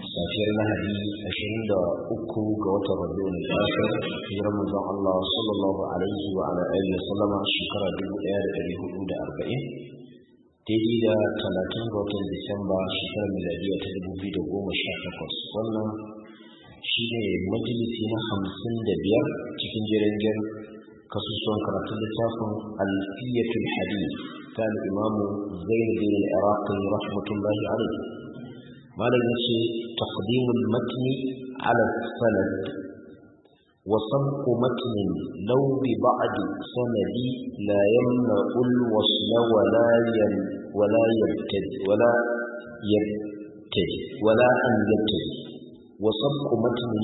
safiyar lahadi ashirin da uku ga watan rabiu na shafin hijirar manzon Allah sallallahu alaihi wa ala alihi sallama shekara dubu ɗaya da ɗari hudu da arba'in daidai da talatin ga watan disamba shekarar miladiya ta dubu biyu da goma sha takwas wannan shi ne majalisi na hamsin da biyar cikin jirgin kasusuwan karatun littafin alfiyatul hadith ta al'imamu zainabin iraqi rahmatullahi alaihi ما لا النص تقديم المتن على السند وسبق متن لو ببعد سند لا يمنع الوصل ولا يم ولا يبتد ولا يبتد ولا ان يبتد وسبق متن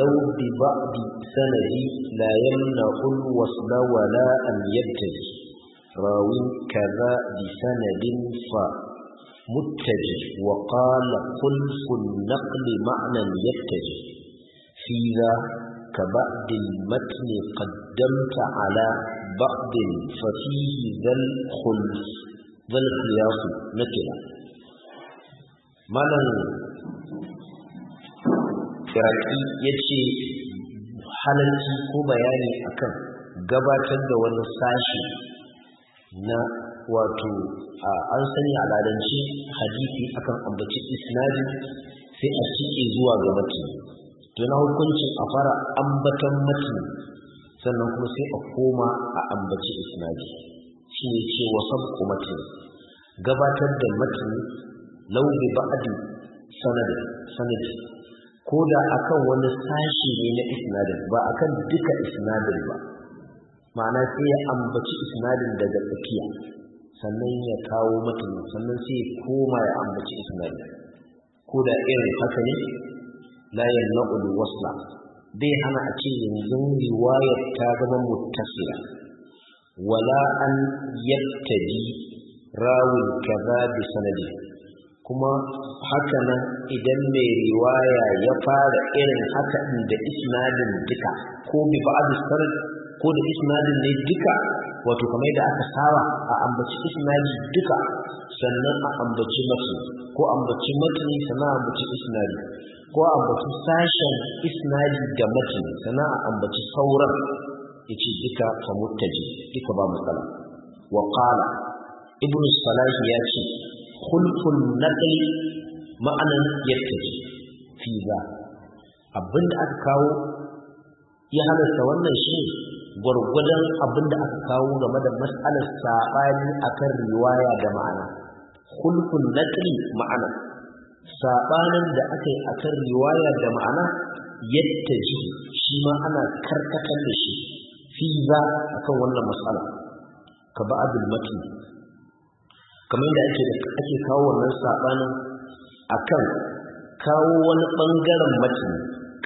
لو ببعد سند لا يمنع الوصل ولا ان يبتد راوي كذا بسند ف متجه وقال قل النقل معنى يتجه في ذا كبعد المتن قدمت على بعض ففيه ذا الخلف ذا الخياط نكرة مالا كراكي يتشي حالتي كوبا يعني أكا قبا gabatar da wani na wato an sani a ladanci hadisi akan ambaci isnadi sai a cike zuwa ga mutum to na hukuncin a fara ambatan mutum sannan kuma sai a koma a ambaci isnadi shi ne ce wa sabu mutum gabatar da mutum law bi sanadi sanadi ko da akan wani sashi ne na isnadi ba akan duka isnadi ba ma'ana sai ya ambaci isnadin daga tsakiya sannan ya kawo mutum sannan sai koma ya ambaci isnadi ko da irin haka ne la yannaqu wasla bai hana a ce yanzu riwayar ta zama muttasila wala an yattaji rawi kaza bi sanadi kuma haka nan idan mai riwaya ya fara irin haka da isnadin duka ko bi ba'd sanad ko da isnadin ne duka wato kamar da aka saba a ambaci isnadi duka sannan a ambaci matni ko ambaci matni sannan ambaci isnadi ko a ambaci sashen isnadi da matni sannan a ambaci sauran yace duka fa muttaji duka ba matsala wa qala ibn salah ya ce khulful naqli ma'anan yattaji fi za abinda aka kawo ya halarta wannan shi gwargwadon abin da aka kawo game da matsalar saɓani akan riwaya da ma'ana hulfun nakli ma'ana saɓanin da aka yi akan riwaya da ma'ana yadda ji shi ma ana karkatar da shi fi za a kan wannan matsala ka ba abin mati kamar da ake kawo wannan saɓanin a kan kawo wani ɓangaren mati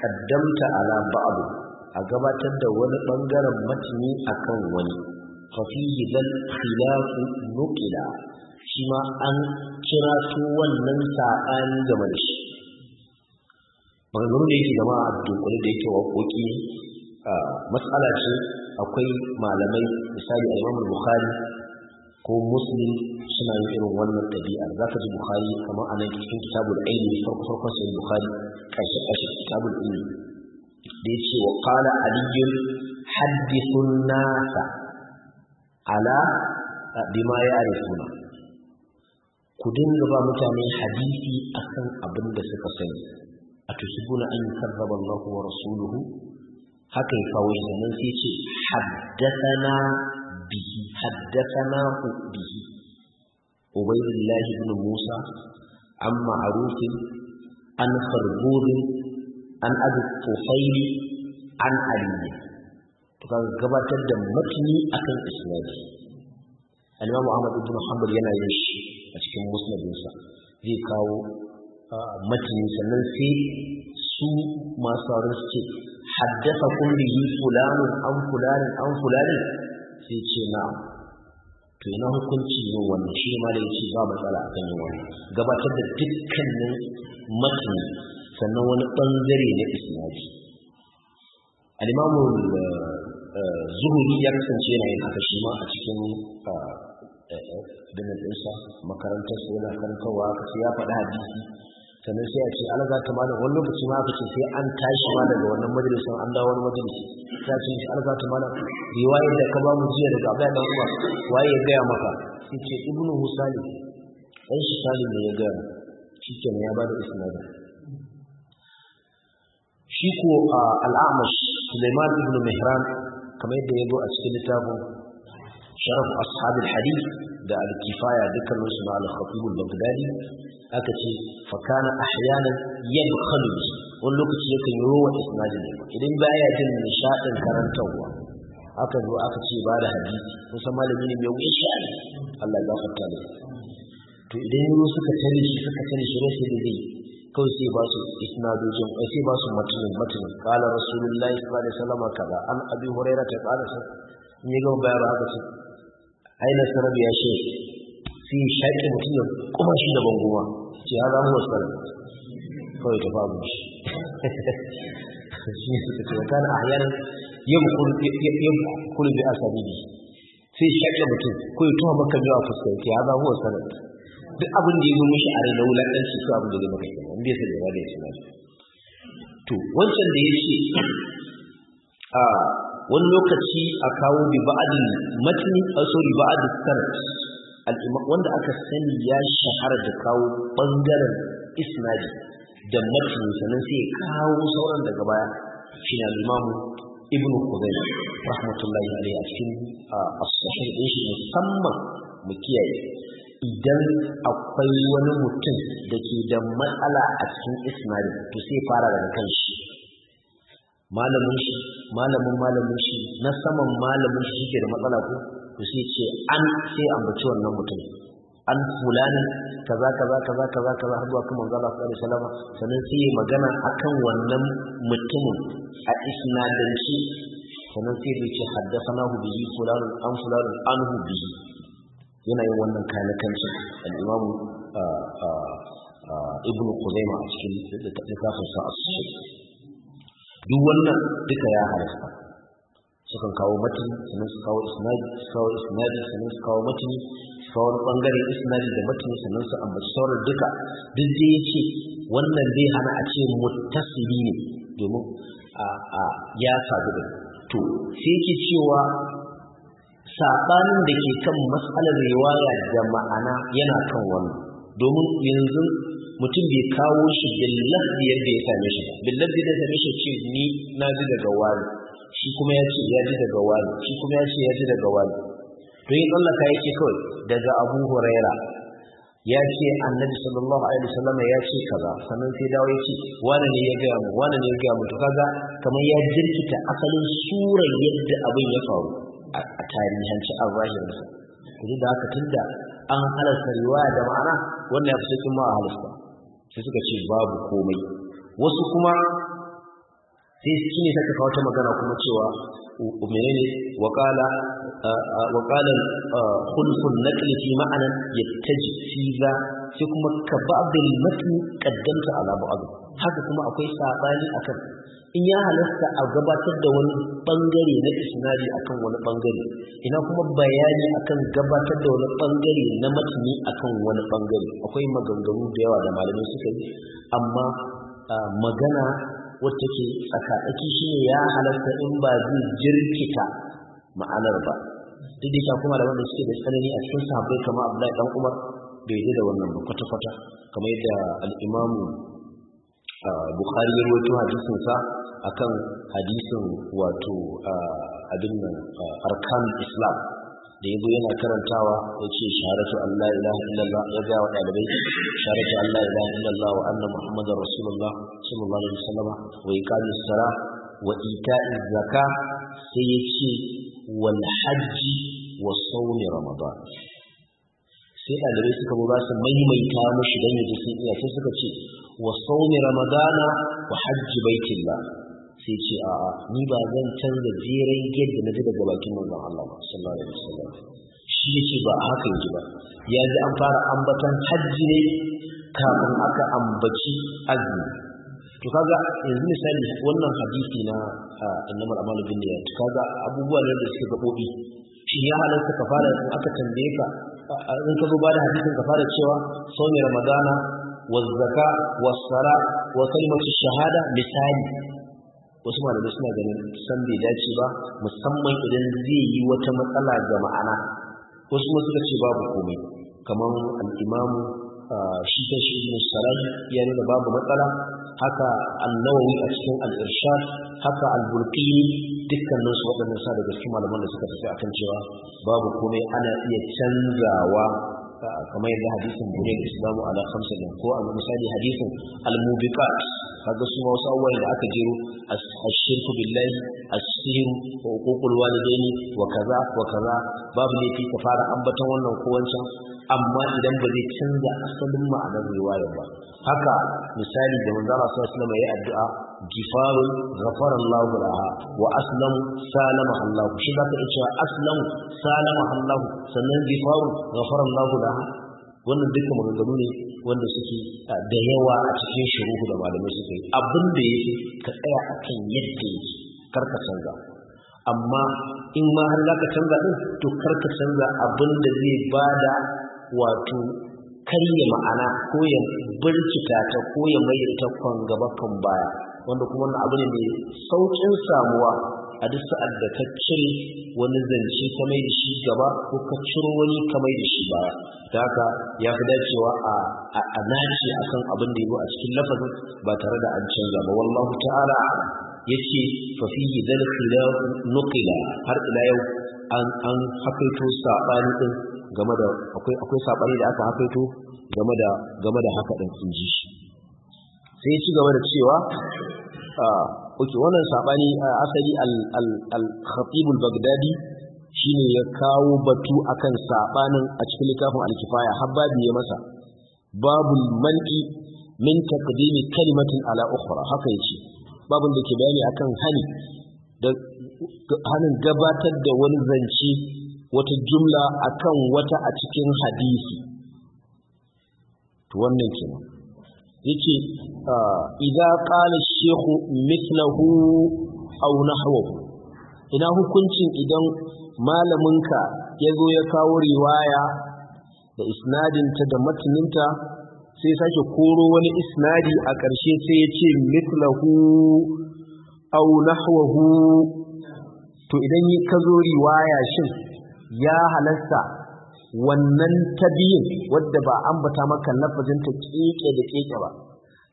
ƙaddamta ala ba'adu a gabatar da wani bangaren a kan wani fafihi zan khilafu nukila shi ma an kira su wannan saɓani game da shi maganganun da yake zama a dunkule da yake waƙoƙi matsala ce akwai malamai misali a imamul bukhari ko muslim suna yin irin wannan ɗabi'a za ka ji bukhari kamar a nan cikin kitabul aini farko farkon sai bukhari ƙarshe ƙarshe kitabul aini da yace wa qala aliyun hadithun nasa ala bima ya'rifuna ku dinga ba mutane hadisi akan abin da suka sani atusibuna an yukarraba Allahu wa rasuluhu haka ya kawai shi sai ce haddathana bihi haddathana bihi ubaydullah ibn musa an ma'arufin an kharbud an abu tufaili an aliyu to ka gabatar da matni akan isnadi al muhammad ibn muhammad yana yin shi a cikin musnadinsa zai kawo matni sannan sai su masu sauran su ce haddasa yi fulanin an fulanin an fulanin sai ce na. to ina hukunci ne wannan shi ma da yake ba matsala akan yin wannan gabatar da dukkanin matni sannan wani ɓangare na isnadi alimamun uh, uh, zuhuri ya kasance yana yin haka shi ma a cikin uh, da ɗinsa makarantar su yana karantarwa aka ce ya faɗi hadisi sannan sai a ce ala za ta mana, wani lokaci ma aka ce sai an tashi ma daga wannan majalisar an dawo wani majalisi ta ce ala za ta mana riwayar da ka ba mu jiya daga abu yana kuma waye ya gaya maka sai ce ibnu husali ɗan shi salim ne ya gaya cikin shi ya ba da isnadin shi ko al'amash Sulaiman ibn Mihran kamar yadda ya zo a cikin littafin sharaf ashabul hadith da al-kifaya dukkan su na al-khatib al-baghdadi aka ce fa kana ahyanan yadkhalu wani lokaci yakan yi rowa isnadin idan baya jin nishadin karantarwa aka zo aka ce ba da hadisi kusan malami ne mai wuce Allah ya gafarta to idan yaro suka tare shi suka tare shi rashin da zai kawai sai ba su isnadojin eh, sai ba su matanin matanin kala rasulullahi sallallahu alaihi wasallam kaza an abi hurairah ta kala sa ne ga ba haka ce aina sarabi ya shi fi shaki mutum ya kuma shi da bangowa ce ya zama wasal kawai ta babu shi shi suka ce kana ahyan yamkul yamkul bi asabihi fi shaki mutum kawai tuwa maka jiwa fuskar ya zama wasal duk abin da ya zo mishi a rai da wulaƙanci su abin da ya maka in bai ba da ya shi to wancan da ya ce a wani lokaci a kawo bi ba'adin matni a so bi ba'adin sanad wanda aka sani ya shahara da kawo bangaren isnadi da matni sannan sai ya kawo sauran daga baya shi na Ibnu ibn Khuzay rahmatullahi alaihi a cikin as-sahih din shi musamman mu kiyaye idan akwai wani mutum da ke da matsala a cikin ismari to sai fara daga kan shi malamin shi malamin malamin shi na saman malamin shi ke da matsala ko to sai ce an sai ambaci wannan mutum an fulani kaza kaza kaza kaza kaza har zuwa kuma Allah sallallahu alaihi wasallam sannan sai magana akan wannan mutumin a isnadin shi sannan sai bai ce haddathana bihi fulani, an an hu bihi yana yin wannan kayan kanakancin al'imamu ibn kuzaima a cikin littafin sa a sushe duk wannan duka ya halasta sukan kawo matini sannan su kawo isnadi su kawo isnadi sannan su kawo matini su kawo bangare isnadi da matini sannan su ambaci sauran duka duk da ce wannan zai hana a ce muttasili ne domin ya sadu da to sai yake cewa saɓanin da ke kan matsalar riwaya da ma'ana yana kan wannan domin yanzu mutum bai kawo shi billah yadda ya same shi billah da ya same shi ce ni na ji daga wani shi kuma ya ce ya ji daga wani shi kuma ya ce ya ji daga wani to yin Allah ka yake kawai daga Abu Huraira ya ce annabi sallallahu alaihi wasallam ya ce kaza sannan sai dawo ya ce wani ne ya gaya mu wani ne ya gaya mu to kaga kamar ya jirkita asalin surar yadda abin ya faru tarihanci a zahirinsa kuji da haka tunda an halasta riwaya da ma'ana wannan ya fi sauƙin ma a halasta sai suka ce babu komai wasu kuma sai shi ne saka kawo ta magana kuma cewa menene wakala wakalan khulfun naqli fi ma'anan yattaji fiza sai kuma ka ba ba'dil matni qaddamta ala ba'd haka kuma akwai sabani akan in ya halasta a gabatar da wani bangare na isnadi akan wani bangare ina kuma bayani akan gabatar da wani bangare na matni akan wani bangare akwai maganganu da yawa da malamai suka yi amma magana wacce ke tsakatsaki shi ne ya halatta in ba zai jirkita ma'anar ba duk da kuma da wanda suke da tsanani a cikin sahabbai kamar abdullahi dan umar bai yi da wannan ba kwata-kwata kamar yadda al'imamu ah, bukhari ya rawaito hadisin sa akan hadisin wato ah, abin nan ah, arkan islam da yazo yana karantawa yace shahadatu Allah ilaha illallah ya ga wa dalibai shahadatu Allah ilaha illallah wa anna muhammadar rasulullah sallallahu alaihi wasallam wa iqamis salah wa ita'iz zakah sai yace wal hajj wa sawm ramadan sai dalibai suka zo za su maimaita mashi dan yaji sun iya sai suka ce wa sawm ramadana wa hajj baitillah sai ce a ni ba zan canza jerin yadda na ji daga bakin manzon Allah sallallahu alaihi wasallam shi yake ba haka yake ba ya ji an fara ambatan hajji ne kafin aka ambaci azumi to kaga yanzu misali wannan hadisi na annabar amalu bin niyyat kaga abubuwa da suke gabobi shi ya halarta ka fara in aka tambaye ka in ka zo ba da hadisin ka fara cewa sauni ramadana wa zaka wa sala wa kalimatu shahada misali wasu malamai suna ganin san bai dace ba musamman idan zai yi wata matsala ga ma'ana wasu ma suka ce babu komai kamar al'imamu ah, shi ta shi musarai ya nuna babu matsala haka annawawi a cikin al'irshad haka alburkini dukkanin su waɗannan sa daga cikin malaman da suka tafi akan cewa babu komai ana iya canzawa ah, kamar yadda hadisin bune da islamu ala ko a misali hadisin al-mubiqat kaga su ma wasu abubuwan da aka jero ashirku billahi asiru wa uququl walidaini wa kaza wa kaza babu ne fi fara ambaton wannan ko wancan amma idan ba zai canza asalin ma'anar riwayar ba haka misali da manzo Allah sallallahu alaihi wasallam yayi addu'a gifarun ghafara Allahu laha wa aslam salama Allah shi zaka ce aslam salama Allah sannan gifarun ghafara Allahu laha wannan dukkan maganganu ne wanda suke ah, da yawa a cikin shiru da malamai suke abin da ya ka tsaya a kan yadda yake karka canza amma in ma har za ka canza ɗin to karka canza abin da zai ba da wato karya ma'ana ko ya birkita ta ko ya mai ta kwan gaba kan baya wanda kuma wannan abu ne mai sauƙin samuwa a duk sa'ad da ka cire wani zance ka mai da shi gaba ko ka ciro wani ka mai da shi baya da haka ya fi dacewa a a nace akan abin da yabo a cikin lafazin ba tare da an canza ba wallahu ta'ala yace fa fihi dal khilaf nuqila har ila yau an an hakaito sabani game da akwai akwai sabani da aka hakaito game da game da haka din sun shi sai ci gaba da cewa ah, oke wannan sabani a asali al-khatib baghdadi shine ya kawo batu akan sabanin a cikin littafin al-kifaya habbabi ya masa babul man'i min taqdimi kalimatin ala ukhra haka yace babun da ke bayani akan hani da hanin gabatar da wani zance wata jumla akan wata a cikin hadisi to wannan kenan yake idza qala shehu mislahu aw nahwahu ina hukuncin idan malaminka ya zo ya kawo riwaya da isnadinta da matninta sai sake koro wani isnadi a ƙarshe sai ya ce mislahu aw nahwahu to idan ka zo riwaya shin ya halasta wannan tabiyin wadda ba ambata maka lafazin ta keke da keke ba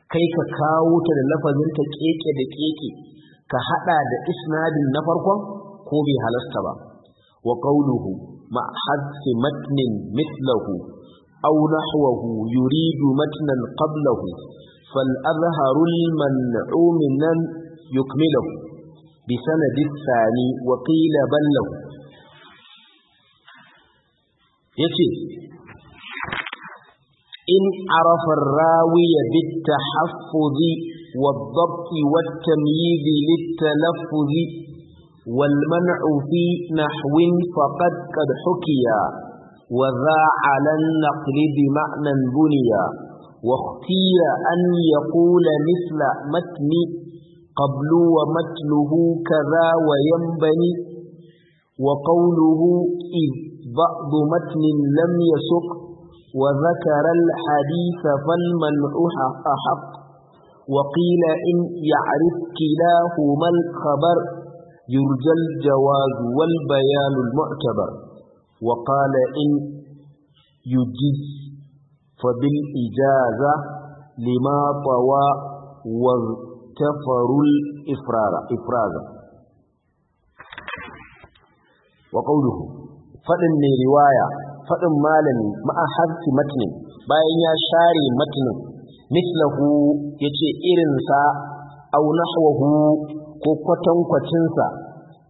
kai ka kawo ta da lafazin ta keke da keke ka hada da isnadin na farkon ko bai halasta ba wa qauluhu ma hadfi matnin mithlahu aw nahwahu yuridu matnan qablahu fal azharu al man'um nan yukmilahu bi sanadi thani wa qila ballahu yace إن عرف الراوي بالتحفظ والضبط والتمييز للتلفظ والمنع في نحو فقد قد حكيا وذا على النقل بمعنى بنيا واختي أن يقول مثل متن قبل ومتله كذا وينبني وقوله إذ بعض متن لم يسق وذكر الحديث فالمنعوح أحق وقيل إن يعرف كلاهما الخبر يرجى الجواز والبيان المعتبر وقال إن يجز فبالإجازة لما طوى واغتفر الإفراد وقوله فإن رواية faɗin malami ma'a harfi matinin bayan ya share matinin mislahu ya ce irinsa au ko kwatankwacinsa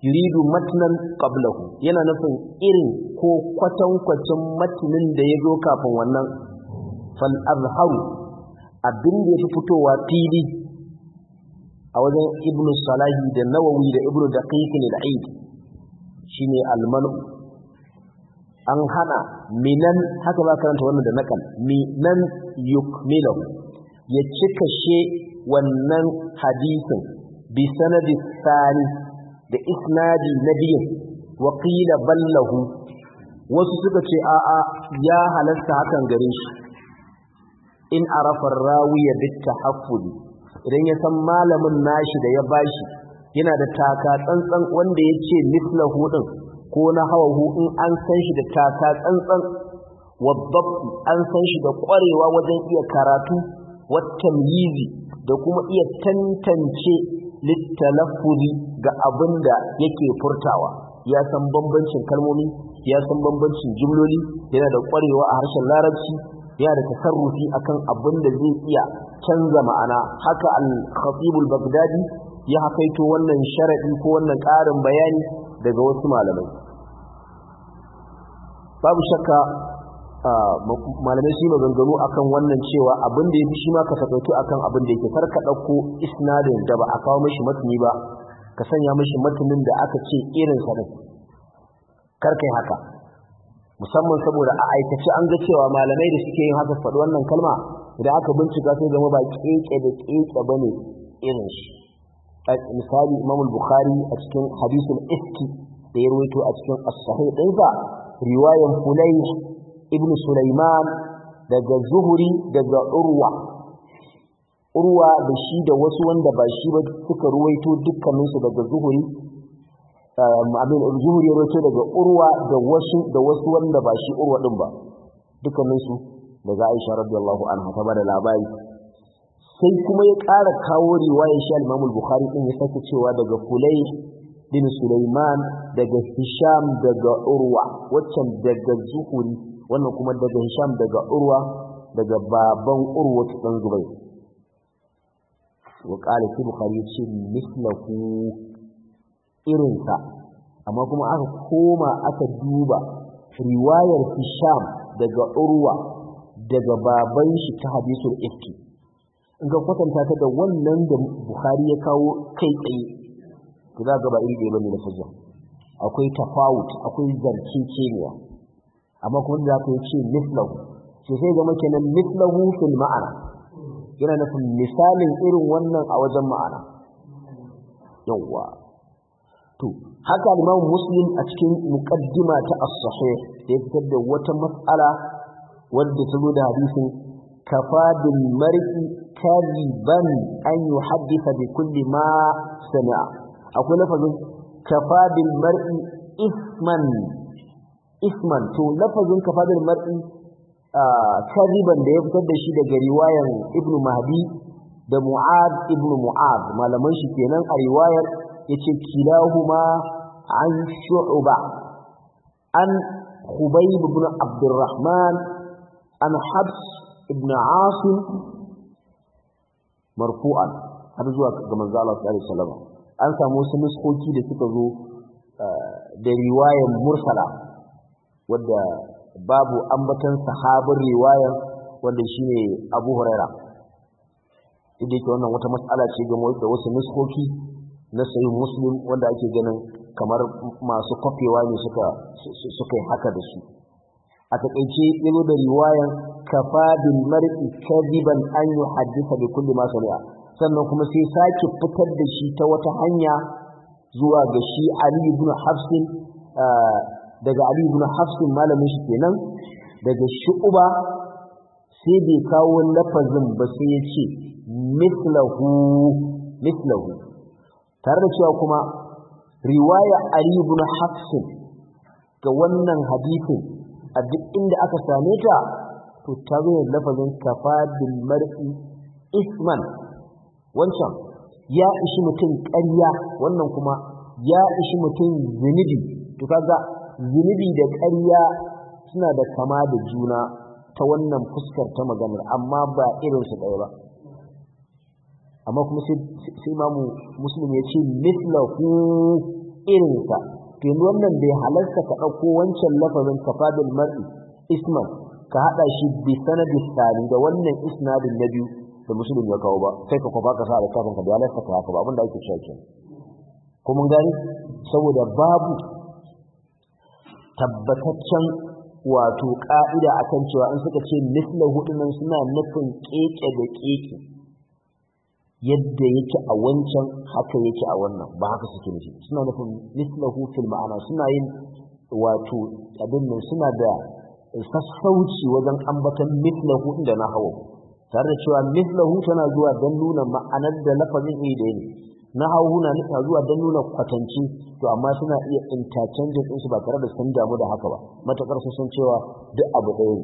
yuridu matinan qablahu yana nufin irin ko kwatankwacin matinin da ya zo kafin wannan fal'azharu abin da ya fi fitowa fili a wajen ibnu salahi da nawawi da ibnu da al-aid shine al almanu. an hana minan haka ba karanta wannan da nakal minan yukmilu ya cika she wannan hadisin bi sanadi sani da isnadi na wa qila ballahu wasu suka ce a'a ya halasta hakan gare shi in arafa rawiya bit tahaffuli idan ya san malamin nashi da ya bashi yana da taka tsantsan wanda ya ce mislahu din ko na hawahu in an san shi da taka tsantsan wadabti an san shi da ƙwarewa wajen iya karatu Yizi da kuma iya tantance littalafuri ga abin da yake furtawa ya san bambancin kalmomi ya san bambancin jimloli yana da ƙwarewa a harshen larabci yana da tasarrufi akan abin da zai iya canza ma'ana haka al-khatibul baghdadi ya haifaito wannan sharadi ko wannan ƙarin bayani daga wasu malamai babu shakka malamai su yi maganganu akan wannan cewa abin da ya fi shima ma ka sakaitu akan abin da yake farka ɗauko isnadin da ba a kawo mashi matuni ba ka sanya mashi matunin da aka ce irin sanin karkai haka musamman saboda a aikace an ga cewa malamai da suke yin haka faɗi wannan kalma idan aka bincika sai zama ba keke da keke bane irin shi misali imam al-bukhari a cikin hadisul iski da ya rawaito a cikin as-sahih ɗinsa riwayan fulai ibn sulaiman daga zuhuri daga urwa urwa da shi da wasu wanda ba shi ba suka ruwaito su daga zuhuri um, abin zuhuri ya ruwaito daga urwa da wasu da wasu wanda ba shi urwa din ba dukkaninsu daga aisha radiyallahu anha ta bada labari sai kuma ya ƙara kawo riwayar shi al mamul bukhari din ya sake cewa daga Fulay bin Sulaiman daga Hisham daga Urwa waccan daga Zuhuri wannan kuma daga Hisham daga Urwa daga baban Urwa dan zubai wa qala fi Bukhari ce mislahu irinsa amma kuma aka koma aka duba riwayar Hisham daga Urwa daga baban shi ta hadisul ifki in ka kwatanta ta da wannan da bukhari ya kawo kai tsaye to za ga ba iri ɗaya bane na fajja akwai tafawut akwai cewa amma kuma da ku ce mislahu to sai muke nan mislahu fil ma'ana yana nufin misalin irin wannan a wajen ma'ana yawwa to haka Imam Muslim a cikin muqaddima ta as-sahih ya fitar da wata mas'ala wanda ta zo da hadisin kafa bil mar'i kariban an yuhaddisa bi kulli ma sami'a akwai lafazin kafa bil mar'i isman isman to lafazin kafa bil mar'i kariban da ya fitar da shi daga riwayar ibn mahdi da mu'ad ibn mu'ad malaman shi kenan a riwayar yace kilahuma an shu'ba an khubayb abdurrahman an ibn asim marfu'an har zuwa ga manzo Allah sallallahu alaihi wasallam an samu wasu nuskoki da suka zo eh, da riwayar mursala wadda babu ambatan sahabin riwayar wanda shine Abu Huraira idan ke wannan wata mas'ala ce game da wasu nuskoki na sayin muslim wanda ake ganin kamar masu kwafewa ne suka suka yi haka da su a takaice yazo da riwayar kafa bil mar'i kadiban an yuhaddisa bi kulli ma sami'a sannan kuma sai sake fitar da shi ta wata hanya zuwa ga shi Ali ibn Hafs ah, daga Ali ibn Hafs malamin shi kenan daga uba. sai bai kawo lafazin ba sai ya ce mislahu mislahu tare da cewa kuma riwaya Ali ibn Hafs ga wannan hadisin a duk inda aka same ta to ta zo da lafazin kafa bil mar'i isman wancan ya ishi mutum ƙarya wannan kuma ya ishi mutum zunubi to kaga zunubi da ƙarya suna da kama da juna ta wannan fuskar ta maganar amma ba irin su ɗaya ba amma kuma sai imamu muslim ya ce mislahu irinsa to wannan bai halarta ka ɗauko wancan lafazin kafadin mar'i isman ka hada shi bi sanadi sali da wannan isnadin na biyu da musulun ya kawo ba sai ka kwaba ka sa kafin ka da ya ka haka ba abinda ake cewa ke ko mun gani saboda babu tabbataccen wato ka'ida akan cewa an suka ce misla hudunan suna nufin keke da keke yadda yake a wancan haka yake a wannan ba haka suke nufi suna nufin misla fil ma'ana suna yin wato abin nan suna da In sassauci wajen ambatan mithlahu inda na hawa tare da cewa mislahu tana zuwa don nuna ma'anar da lafazin iri da ne na hauhuna na zuwa don nuna kwatanci to amma suna iya interchange din su ba tare da sun damu da haka ba matakar su sun cewa duk abu ɗaya ne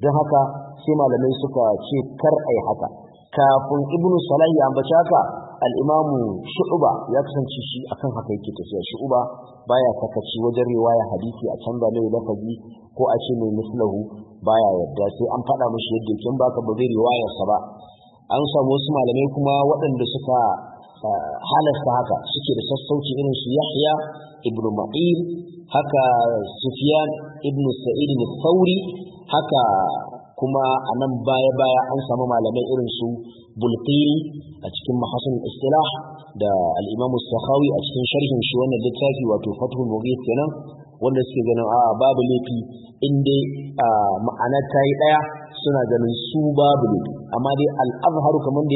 don haka sai malamai suka ce kar ai haka kafin ibnu salah ya ambaci haka al'imamu shu'uba ya kasance shi akan haka yake tafiya shu'uba baya sakaci wajen riwaya hadisi a canza ne lafazi ko a ce mai mislahu baya yadda sai an faɗa mashi yadda kin baka ba zai riwayar sa ba an samu wasu malamai kuma waɗanda suka halasta haka suke da sassauci irin su Yahya ibn Ma'in haka Sufyan ibn Sa'id al-Thawri haka kuma a nan baya-baya an samu malamai irin su bulqiri a cikin mahasin istilah da al'imamu sakhawi a cikin sharhin shi wannan littafi wato fathul mughith kenan wanda suke ganin a babu laifi in dai ma'ana ta yi ɗaya suna ganin su babu laifi amma dai al'azharu kamar da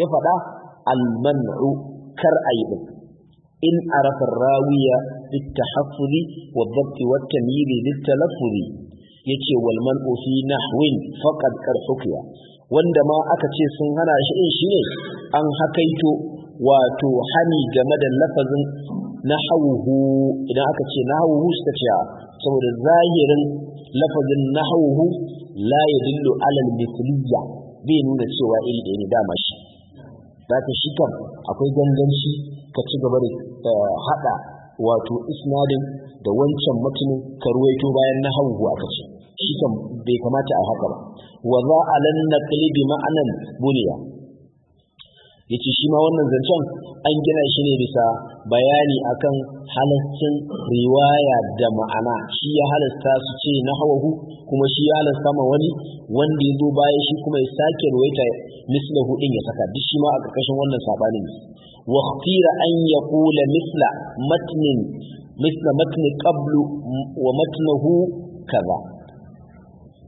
ya faɗa al-man'u kar a yi ɗin in arafa rawiya littahaffuri wa dhabti wa tamyili ya ce wal man'u fi nahwin faqad kar wanda ma aka ce sun hana shi in shine an hakaito wato hani game da lafazin nahawuhu idan aka ce nahawuhu suka ce saboda zahirin lafazin nahawuhu la dillo alal mithliya bai nuna cewa iri ɗaya ne dama shi za ta shi kan akwai ganganci ka ci gaba da haɗa wato isnadin da wancan mutumin karuwaito ruwaito bayan nahawuhu aka ce shi kan bai kamata a haka ba wa za a lan naqli bi ma'anan buniya yace shi ma wannan zancen an gina shi ne bisa bayani akan halaccin riwaya da ma'ana shi ya halasta su ce na hawahu kuma shi ya halasta ma wani wanda ya zo baya shi kuma ya sake ruwaita misla din ya saka duk shi ma a ƙarƙashin wannan sabanin wa khira an kula misla matnin misla matni qablu wa matnahu kaza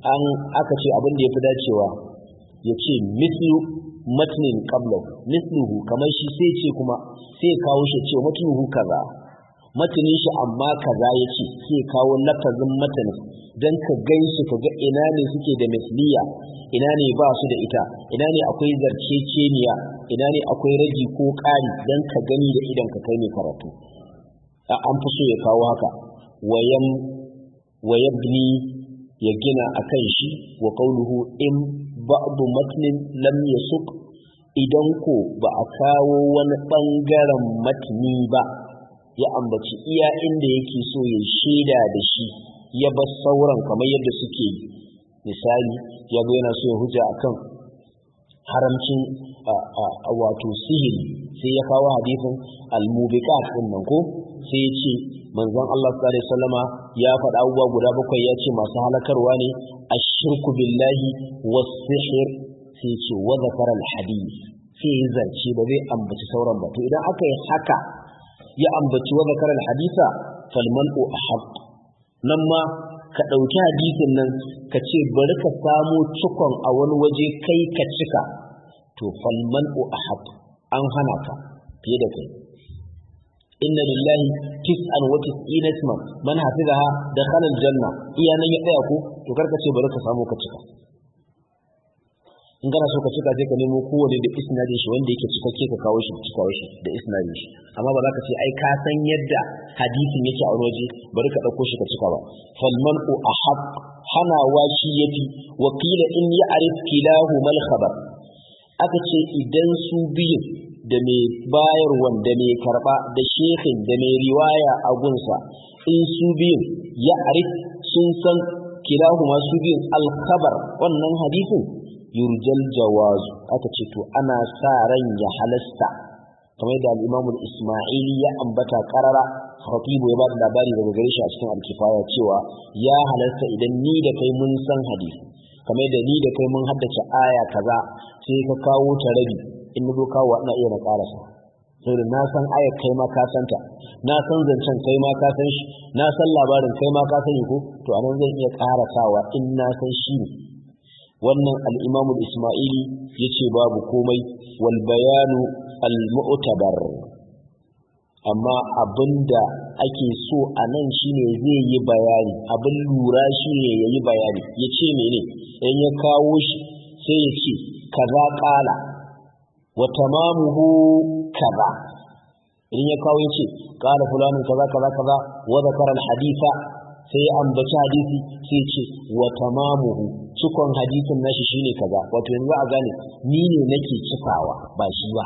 an aka ce abin da fi dacewa ya yace mislu matnin kablo misluhu kamar shi sai ce kuma sai kawo shi ce matnuhu kaza matnin shi amma kaza yace sai kawo lafazin matan dan ka ganshi ka ga ina ne suke da misliya ina ne ba su da ita ina ne akwai zarceceniya ina ne akwai raji ko ƙari dan ka gani da idan ka kai ne karatu an fi so ya kawo haka Wayan wayabni ya gina a kan shi wa kauluhu in ba'du matnin lam yasuq idan ko ba a kawo wani ɓangaren matni ba ya ambaci iya inda yake so ya shaida da shi ya ba sauran kamar yadda suke misali ya zo yana so ya hujja akan haramcin a wato sihiri sai ya kawo hadisin al din nan ko sai ce manzon Allah sallallahu alaihi wasallama ya faɗa abubuwa guda bakwai ya ce masu halakarwa ne ashirku billahi was-sihr sai ya ce wa zakara sai ya zance ba zai ambaci sauran ba to idan aka yi haka ya ambaci wa zakara al-haditha falmal'u ahaq nan ma ka ɗauki hadisin nan ka ce bari ka samo cikon a wani waje kai ka cika to falmal'u ahaq an hana ka fiye da kai inna lillahi tis'an wa tis'ina isman man hafizaha dakhala aljanna iya nan ya tsaya ko to karka ce bari ka samu ka cika in kana so ka cika sai ka nemo kowane da isnadin shi wanda yake cikakke ka kawo shi cikawo shi da isnadin shi amma ba za ka ce ai ka san yadda hadisin yake a waje bari ka dauko shi ka cika ba fal mal'u ahaq hanawa shi yafi wa qila in ya'rif kilahu mal khabar aka ce idan su biyu da mai bayarwan da mai karɓa da shekin da mai riwaya a gunsa in su biyun ya arif sun san kilahu masu biyun alkabar wannan hadisin yurjal jawazu aka ce to ana sa ran ya halasta kamar da al ismaili ya ambata karara khatibu ya da labari daga gare shi a cikin alkifaya cewa ya halasta idan ni da kai mun san hadisi kamar da ni da kai mun haddace aya kaza sai ka kawo ta rabi in na zo kawo ina iya na karasa saboda na san aya kai ma ka santa na san zancen kai ma ka san shi na san labarin kai ma ka sani ko to anan zan iya ƙara sawa in na san shi ne wannan alimamun ismaili ya ce babu komai wal bayanu al-mu'tabar amma abinda ake so a nan shi ne zai yi bayani abin lura shi ne ya yi bayani ya yace mene in ya kawo shi sai ya ce kaza kala wa tamamuhu kaza in ya kawo yace qala fulani kaza kaza kaza wa zakara haditha sai ya ambaci hadisi sai ya ce wa tamamuhu cikon hadisin nashi shine kaza wato yanzu a gane ni ne nake cikawa ba shi ba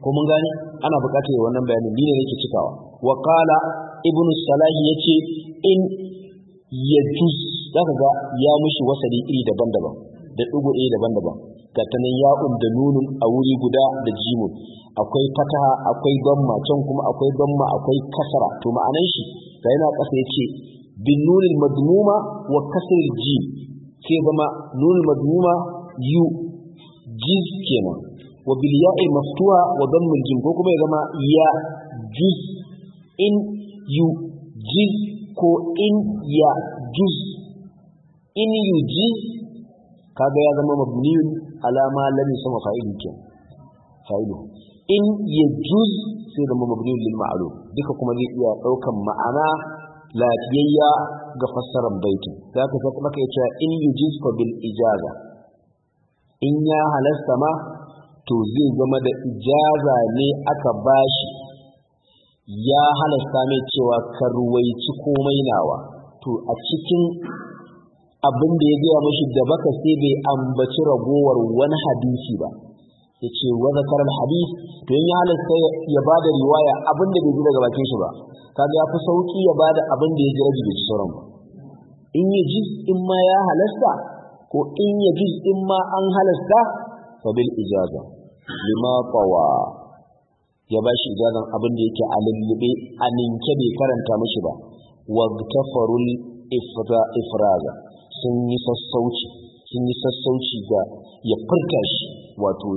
ko mun gane ana buƙatar wannan bayanin ni ne nake cikawa wa qala ibnu salahi yace in yajuz zaka ga ya mushi wasali iri daban-daban da dugo iri daban-daban nan ya'un da nunun a wuri guda da jimun akwai fataha akwai gamma can kuma akwai gamma akwai kasara to ma'anan shi ga yana kasa yace bin nunil madmuma wa kasr jim ke zama nunil madmuma yu jiz kenan wa bil ya'i maftuha wa dammul jim ko kuma ya zama ya jiz in yu jiz ko in ya juz in yu jiz kaga ya zama mabniyun alama lam yusama fa'ilu kin fa'ilu in yajuz sai da mabni lil duka kuma zai iya daukan ma'ana lafiyayya ga fassarar baitin zaka ga kuma kai cewa in yujuz fa bil ijaza in ya halasta ma to zai zama da ijaza ne aka bashi ya halasta mai cewa ka ruwaici komai nawa to a cikin abin da ya gaya mashi da baka sai bai ambaci ragowar wani hadisi ba ya ce wa zakar hadis to in ya halasta ya ba da riwaya abin da bai ji daga bakin shi ba kaga ya fi sauki ya ba da abin da ya ji rabi bai ci sauran ba in ya ji in ma ya halasta ko in ya ji in ma an halasta fa bil ijaza lima qawa ya ba shi ijazan abin da yake a lullube a ninke bai karanta mashi ba wa tafarul ifraza sun yi sassauci sun yi sassauci ga ya furta shi wato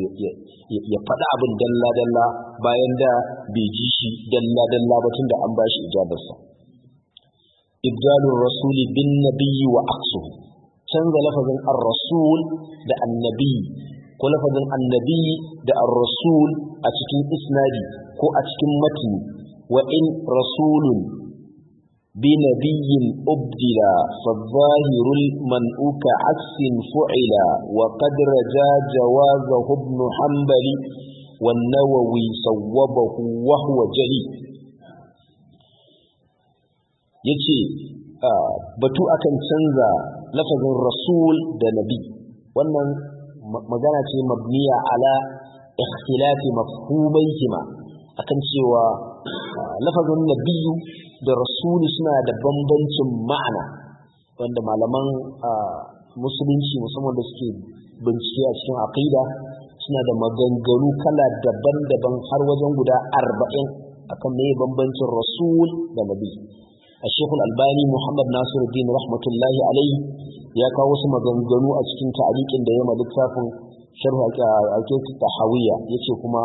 ya faɗa abin dalla-dalla bayan da bai ji shi dalla-dalla ba tun da an ba shi ijabarsa. Ibdalun rasuli bin nabiyyi wa aksu canza lafazin ar-rasul da annabi ko lafazin annabi da ar-rasul a cikin isnadi ko a cikin matni wa in rasulun بنبي أبدلا فالظاهر المنؤوك عكس فعلا وقد رجا جوازه ابن حنبل والنووي صوبه وهو جلي yace batu akan canza lafazin rasul da nabi wannan magana ce mabniya ala ikhtilafi mafhumaihima akan cewa lafazin nabiyu da rasuli suna da bambancin ma'ana wanda malaman musulunci musamman da suke bincike a cikin aqida suna da maganganu kala daban-daban har wajen guda arba'in akan me bambancin rasul da nabi a shekul albani muhammad nasiruddin rahmatullahi alai ya kawo wasu maganganu a cikin ta'aliƙin da ya ma littafin sharhu alkaitu tahawiyya yace kuma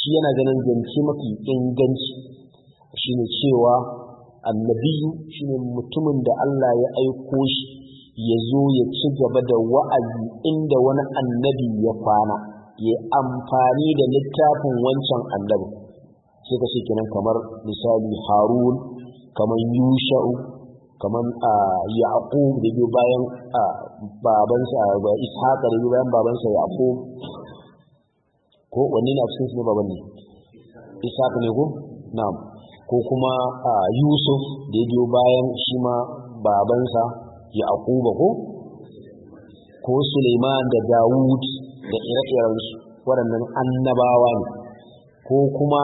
shi yana ganin zance mafi inganci shine cewa annabiyu shine mutumin da Allah ya aiko shi ya zo ya ci gaba da wa'azi inda wani annabi ya kwana ya amfani da littafin wancan annabi sai ka ce kenan kamar misali harun kamar yusha'u kamar yaƙo da biyu bayan babansa ba ishaqa da biyu bayan babansa yaƙo ko wanne na cikin su baban ne ishaqa ne ko na'am ko kuma yusuf da ya biyo bayan shi ma babansa yaquba ko ko suleiman da dawud da ire-irensu waɗannan annabawa ne ko kuma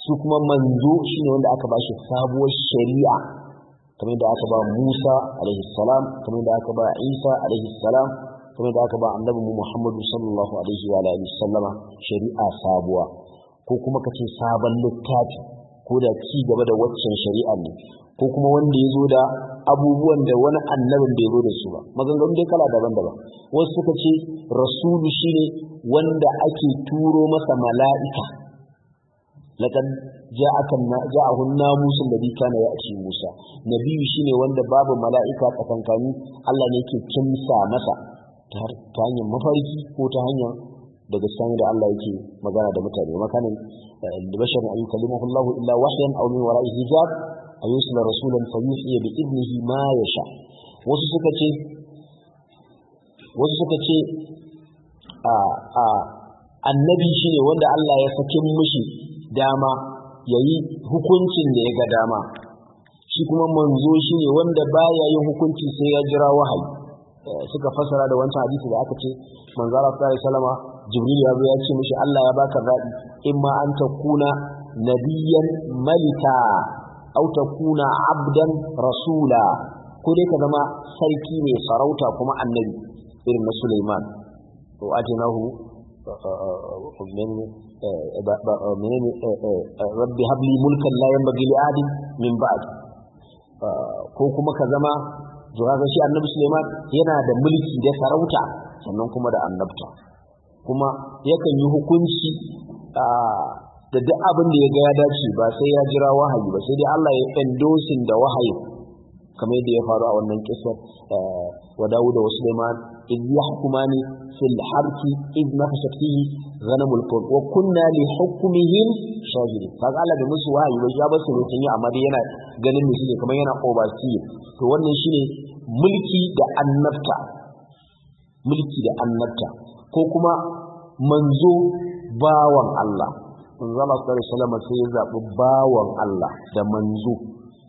su kuma manzo shi ne wanda aka ba shi sabuwar shari'a kamar da aka ba musa alaihissalam kamar da aka ba isa alaihissalam kamar da aka ba annabi muhammadu sallallahu alaihi wa sallama shari'a sabuwa ko kuma kace sabon littafi ko da ci gaba da waccan shari'ar ne ko kuma wanda ya zo da abubuwan da wani annabin bai zo da su ba maganganun dai kala daban-daban wasu suka ce rasulu shine wanda ake turo masa mala'ika laqad ja'akan ja'ahu namus alladhi kana ya'ti Musa nabiyu shine wanda babu mala'ika tsakankani Allah ne yake kimsa masa ta hanyar mafarki ko ta hanyar daga sani da Allah yake magana da mutane makanin لبشر أن يكلمه الله إلا وحيا أو من وراء حجاب أن يرسل رسولا فيوحي بإذنه ما يشاء wasu suka ce wasu suka ce a a annabi shine wanda Allah ya sakin mishi dama yayi hukuncin da ya ga dama shi kuma manzo shi ne wanda baya yin hukunci sai ya jira wahayi suka fasara da wancan hadisi da aka ce manzo Allah sallallahu alaihi wasallama jibril ya zo ya ce mishi Allah ya baka zabi imma an takuna nabiyan malika au takuna abdan rasula ko dai ka zama sarki ne sarauta kuma annabi irin na Sulaiman to ajinahu menene rabbi habli mulkan la yanbaghi li adin min ba'd ko kuma ka zama zuwa shi annabi Sulaiman yana da mulki da sarauta sannan kuma da annabta kuma yakan yi hukunci da duk abin da ya ga ya dace ba sai ya jira wahayi ba sai dai Allah ya endosin da wahayi kamar yadda ya faru a wannan kisar eh, wa Dawud wa Sulaiman إذ يحكمان في shakti ganamul نفشت wa kunna li وكنا لحكمهم Ba ga Allah da musu wahayi ba ya su yi amma dai yana ganin mu shine kamar yana obasi to wannan shine mulki da annabta mulki da annabta ko kuma manzo bawan Allah zama tsari salama sai ya zaɓi bawan Allah da manzo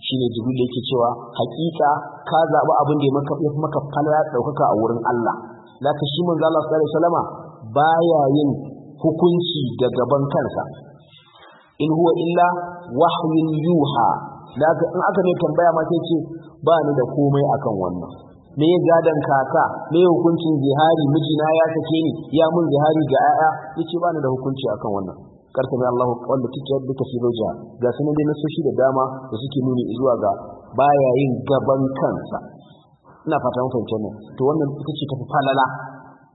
shine da yake cewa hakika ka zaɓi abin da ya fi maka ya ɗaukaka a wurin Allah ka shi manzala tsari salama baya yin hukunci da gaban kansa in huwa illa wahayin yuha da in aka ne tambaya ma sai ce ba ni da komai akan wannan me gadon kaka me hukuncin zihari mijina ya sake ni ya mun zihari ga yaya yace bani da hukunci akan wannan karta Allah wanda take yadda ka shi roja ga sunan dai nasoshi da dama da suke nuni zuwa ga baya yin gaban kansa ina fata mun fahimce ne to wannan ita ce tafi falala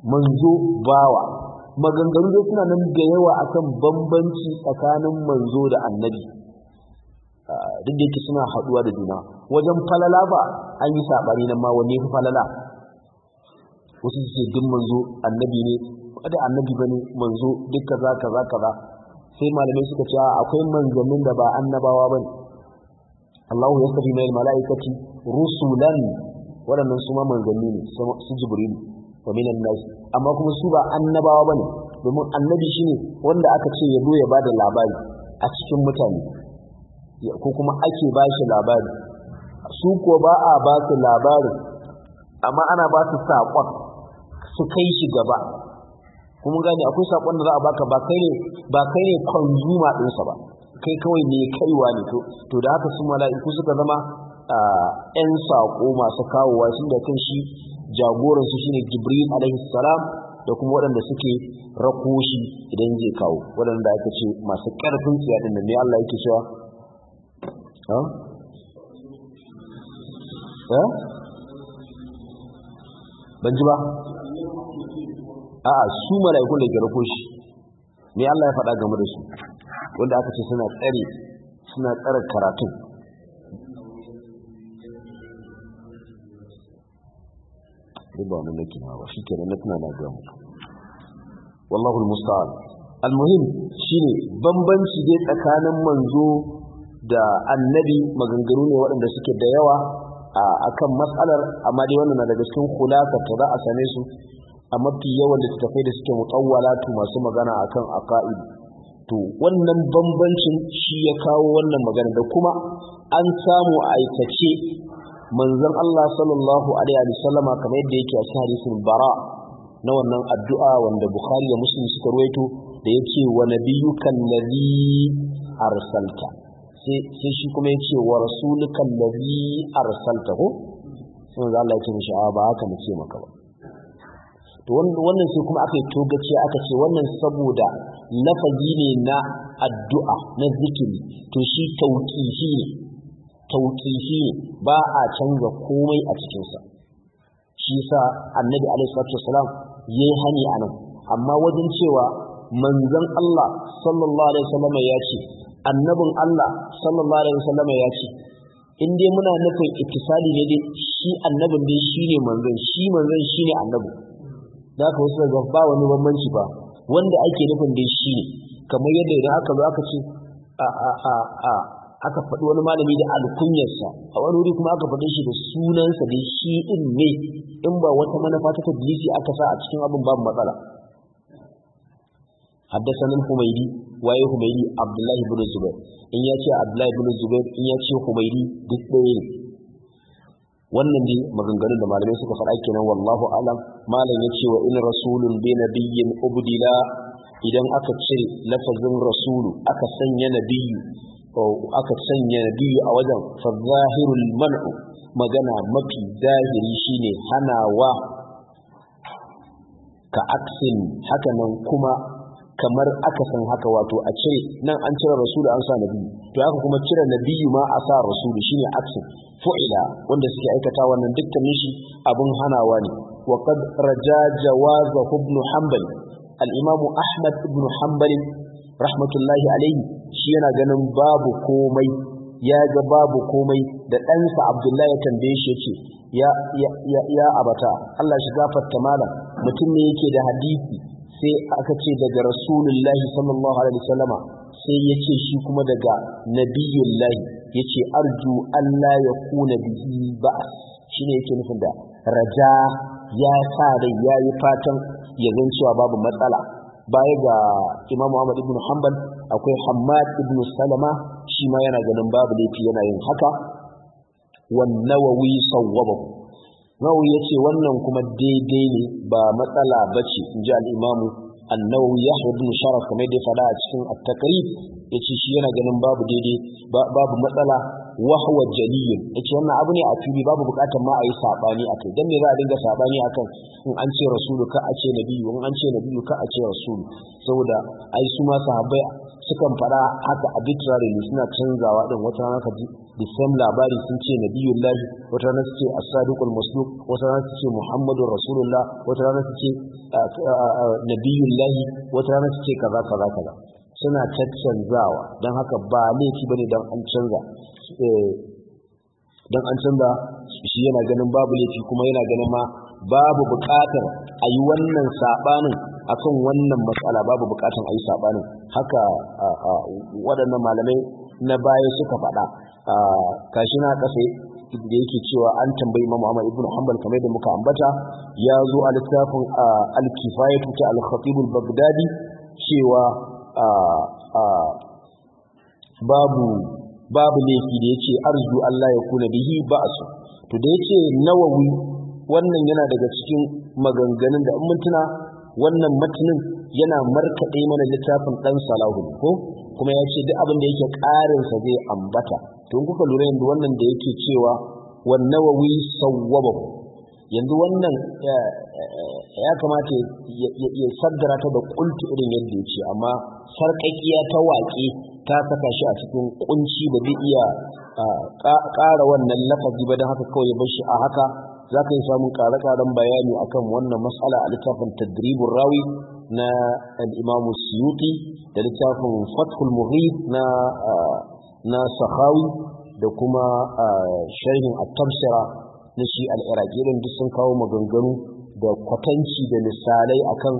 manzo bawa maganganu dai suna nan da yawa akan bambanci tsakanin manzo da annabi ah, duk da yake suna haduwa da juna wajen falala ba an yi saɓari, nan ma wanne fi falala wasu su ce duk manzo annabi ne da annabi bane manzo duk kaza kaza kaza sai malamai suka ce akwai manzannin da ba annabawa bane Allahu ya sabi mai mala'ikati rusulan waɗannan su ma manzanni ne su jibrilu wa minan nas amma kuma su ba annabawa bane domin annabi shine wanda aka ce ya zo ya bada labari a cikin mutane ko kuma ake bashi labari su ko ba a ba su labarin amma ana ba su saƙon su kai shi gaba kuma gani akwai saƙon da za a baka ba kai ne ba kai ne kwanzuma ɗinsa ba kai kawai ne kaiwa ne to da haka su mala'iku suka zama yan saƙo masu kawowa sun da kan shi jagoransu shine jibril alaihi salam da kuma waɗanda suke rako shi idan zai kawo waɗanda aka ce masu ƙarfin tsiya da ne Allah yake cewa eh ba a'a su mala'ikun da ke shi me Allah ya faɗa game da su wanda aka ce suna tsare suna tsare karatun riba mun na ma ba shikenan na tana na ga muku wallahu Al-muhim, shi ne, bambanci dai tsakanin manzo da annabi maganganu ne waɗanda suke da yawa akan matsalar amma dai wannan na daga cikin kulaka ta za a same su a mafi yawan littattafai da suke mutawwalatu masu magana akan aqaid to wannan bambancin shi ya kawo wannan magana da kuma an samu aikace manzon Allah sallallahu alaihi wa kamar yadda yake a hadisin bara na wannan addu'a wanda Bukhari da Muslim suka ruwaito da yake wa nabiyukan ladhi arsalta sai shi kuma ya ce wa rasulukan ladhi arsalta ko sun za Allah ya ce mishi a ah, ba haka nace maka ba to wannan sai kuma aka yi togace aka ce wannan saboda lafazi ne na addu'a na zikiri to shi shi ne ne ba a canza komai a cikinsa. shi sa annabi alaihi salatu ya yi hani nan. amma wajen cewa manzon Allah sallallahu alaihi wasallam ya ce annabin Allah sallallahu alaihi wasallam ya ce in dai muna nufin ittisali ne dai shi annabin dai shine manzon shi manzon shine annabi da ka wasu daga ba wani bambanci ba wanda ake nufin dai shi ne kamar yadda idan aka zo aka ce a a a a aka faɗi wani malami da alkunyarsa a wani wuri kuma aka faɗi shi da sunansa dai shi din ne in ba wata manufa ta tabbisi aka sa a cikin abin babu matsala haddasa حدثنا الحميدي waye humairi abdullahi ibn zubair in ya ce abdullahi ibn zubair in ya ce humairi duk ɗaya ne wannan ne maganganun da malamai suka faɗa kenan wallahu alam malam ya ce wa in rasulun bi nabiyyin ubdila idan aka cire lafazin rasulu aka sanya nabiyyu aka sanya nabiyyu a wajen fa zahirul man'u magana mafi zahiri shine hanawa ka aksin haka nan kuma kamar aka san haka wato a cire nan an cire rasulu an sa nabi to haka kuma cire nabiyu ma a sa rasulu shine aksin fu'ila wanda suke aikata wannan dukkanin shi abun hanawa ne wa qad raja jawaz ibn hanbal al-imam ahmad ibn hanbal rahmatullahi alayhi shi yana ganin babu komai ya ga babu komai da ɗansa abdullahi ya tambaye shi yace ya ya ya abata Allah shi farta malam mutum ne yake da hadisi sai aka ce daga rasulullahi sallallahu alaihi wasallama sai ya ce shi kuma daga nabiyullahi ya ce arju Allah ya kuna bihi ba shine yake nufin da raja ya sa rai ya yi fatan ya zan cewa babu matsala baya ga imamu Muhammad ibn hanbal akwai hammad ibn salama shi ma yana ganin babu laifi yana yin haka wan nawawi sawwabahu nawawi ya ce wannan kuma daidai ne ba matsala ba ce in ji al'imamu annawawi ya ibn sharaf kamar da ya faɗa a cikin at-takrib ya shi yana ganin babu daidai babu matsala wa huwa jaliyun yace wannan abu ne a fili babu bukatar ma a yi sabani kai. dan me za a dinga sabani akan in an ce rasulu ka a ce nabiyu in an ce nabiyu ka a ce rasulu saboda ai su ma sahabbai sukan fara haka arbitrary ne suna canzawa din wata rana ka ji the same labari sun ce nabiyul lahi wata rana su ce as-sadiqul masduq wata rana su ce muhammadur rasulullah wata rana su ce ah, ah, ah, nabiyul lahi wata rana su ce kaza kaza kaza suna caccanzawa don haka ba laifi bane don an canza eh, don an canza shi yana ganin babu laifi kuma yana ganin ma babu bukatar a yi wannan saɓanin akan wannan matsala babu bukatar a yi saɓanin haka waɗannan malamai na baya suka faɗa kashi na ƙasa da yake cewa an tambayi ma Ahmad ibn Hanbal kamar da muka ambata ya zo a littafin al-kifayatu ta al-khatib al cewa babu babu laifi da ya ce, arzu Allah ya kuna bihi ba'su to da ya ce, nawawi wannan yana daga cikin maganganun da in wannan matanin yana markaɗe mana littafin ɗan salahun ko kuma ya ce duk abin da yake ƙarinsa zai ambata to kuka lura yanzu wannan da yake cewa nawawi sawwabahu yanzu wannan ya kamata ya saddara ta da kultu irin yadda ya ce amma sarƙaƙiya ta waƙe ta saka shi a cikin kunci da zai iya ƙara wannan lafazi ba don haka kawai ya bashi a haka za ka yi samun ƙare-ƙaren bayani akan wannan matsala a littafin tadribin rawi na al'imamu suyuti da littafin fathul muhid na sahawi da kuma sharhin at-tamsira na shi al'iraki duk sun kawo maganganu da kwatanci da misalai akan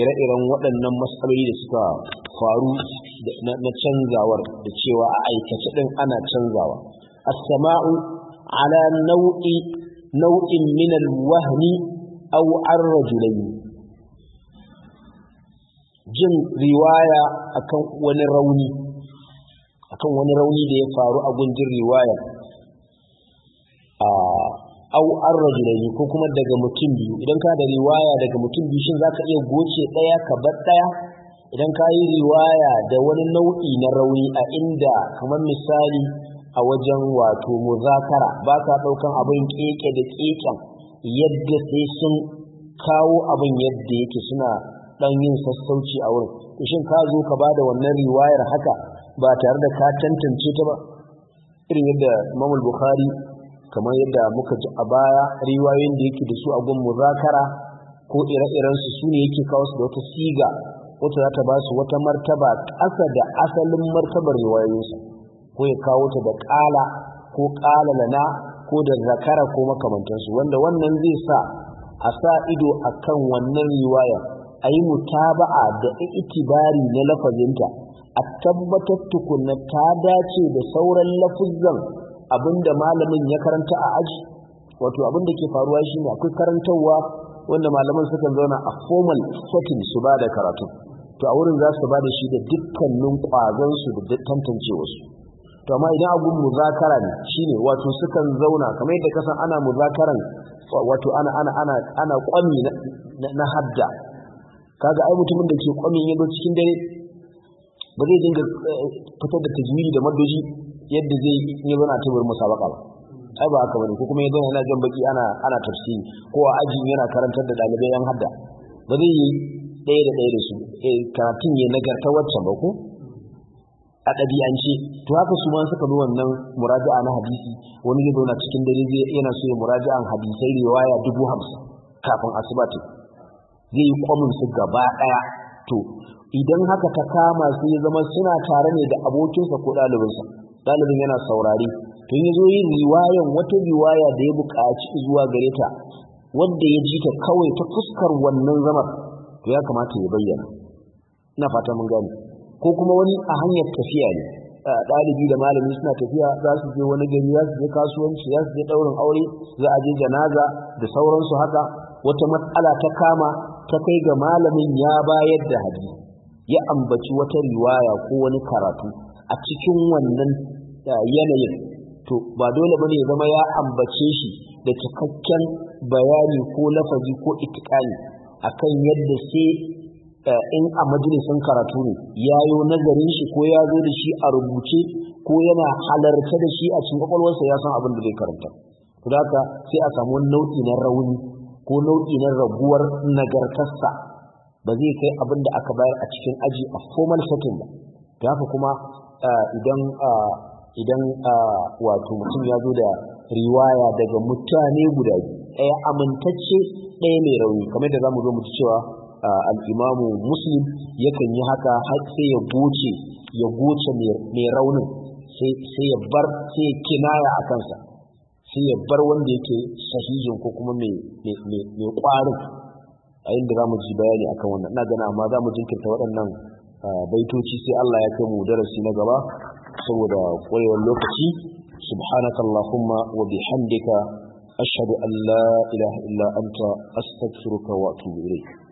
ire-iren waɗannan matsaloli da suka faru na canzawar da cewa a aikace ɗin ana canzawa a samau ala nau'in minal wahani wahni aw jin riwaya akan wani rauni akan wani rauni da ya faru a gundin riwaya ah, au an rajulaini ko kuma daga mutum biyu idan ka da riwaya daga mutum biyu shin ka iya goce ɗaya ka bar daya idan ka yi riwaya da wani nau'i na rauni a inda kamar misali a wajen wato muzakara ba ka daukan abin keke da keken yadda sai sun kawo abin yadda yake suna ɗan yin sassauci a wurin to shin ka zo ka bada wannan riwayar haka ba tare da ka tantance ta ba irin yadda Imam Bukhari kamar yadda muka ji a baya riwayoyin da yake da su a gun muzakara ko ire-iren su su ne yake kawo su da wata siga wata za ta ba su wata martaba ƙasa da asalin martabar su ko ya kawo ta da ƙala ko ƙala lana ko da zakara ko makamantansu wanda wannan zai sa a sa ido a kan wannan riwaya a yi mutaba'a da itibari na lafazinta a tabbatar tukunna ta dace da sauran lafuzzan abinda malamin ya karanta a aji wato abinda ke faruwa shi ne akwai karantarwa wanda malaman suka zauna a formal setting su ba da karatu to a wurin za su ba da shi da dukkanin su da tantancewarsu to amma idan abun muzakara ne ne wato sukan zauna kamar yadda kasan ana muzakaran wato ana kwami na hadda kaga ai mutumin da ke kwamin yazo cikin dare ba zai dinga eh, fitar da tajmiri da madoji yadda zai yi zana tubar musabaka ba ai ba haka bane ko kuma ya yana jan baki ana ana tafsiri ko a aji yana karantar da dalibai yan hadda ba zai yi ɗaya da ɗaya da su eh karatun ya nagarta wacce ba ko a ɗabi'ance to haka su ma suka zo wannan muraja'a na hadisi wani ya zauna cikin dare zai yana so ya muraja'an hadisai riwaya dubu hamsin kafin asibati zai yi kwamin su gaba ɗaya to idan haka ta kama sai ya zama suna tare ne da abokinsa ko ɗalibinsa ɗalibin yana saurari tun ya zo yin riwayan wata riwaya da ya buƙaci zuwa gare ta wadda ya ji ta kawai ta fuskar wannan zama to ya kamata ya bayyana ina fata mun gane ko kuma wani a hanyar tafiya ne ɗalibi da malami suna tafiya za su je wani gari za su je kasuwanci za su je ɗaurin aure za a je janaza da sauransu haka wata matsala ta kama ta kai ga malamin ya bayar da hadisi ya ambaci wata riwaya ko wani karatu a cikin wannan eh, yanayin to ba dole ba ne zama ya ambace shi da cikakken bayani ko lafazi ko a kan yadda sai eh, in a majalisun karatu ne ya yi nazarin shi ko ya zo da shi a rubuce ko yana halarta da shi a cikin kwakwalwarsa ya san abin da zai karanta to haka sai a samu nau'i na rauni ko nau'i na raguwar nagartarsa ba zai kai abin da aka bayar a cikin aji a formal setting ba da haka kuma idan idan wato mutum ya zo da riwaya daga mutane guda ɗaya amintacce ɗaya mai rauni kamar da zamu zo mu cewa al-imamu muslim yakan yi haka har sai ya goce ya goce mai raunin sai ya bar sai ya kinaya a kansa sai ya bar wanda yake sahihin ko kuma mai ƙwarin a inda za mu ji bayani akan wannan na gana amma za mu jinkirta waɗannan baitoci sai Allah ya kai mu darasi na gaba saboda koyewar lokaci subhanaka allahumma wa bihamdika ashhadu an la ilaha illa anta astaghfiruka wa atubu ilayk